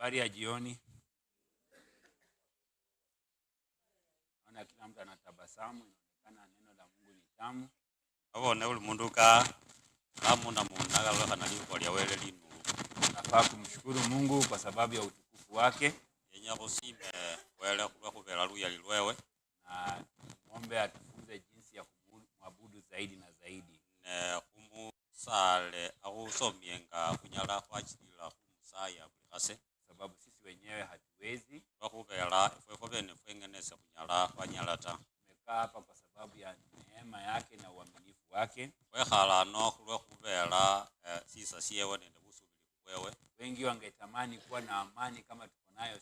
Habari ya jioni. Naona kila mtu anatabasamu, inaonekana neno la Mungu ni tamu. Abo uli mundu ka amu na munaga lya wele linu. Nafaa kumshukuru Mungu kwa sababu ya utukufu wake. Yenya kusime wele kwa luyali lwewe Na muombe atufunze jinsi ya kumwabudu zaidi na zaidi. Ne kumusale akusomyenga kunyala kwa ajili la kumusaya bukase sababu sisi wenyewe hatuwezi lwakhuvera efwe fwengenesa khunyala khwanyala ta tumekaa hapa kwa sababu ya neema yake na uaminifu wake khwekhale ano khulwekhuvera sisa syewe nende busubili bwewe wengi wangetamani kuwa na amani kama tuko nayo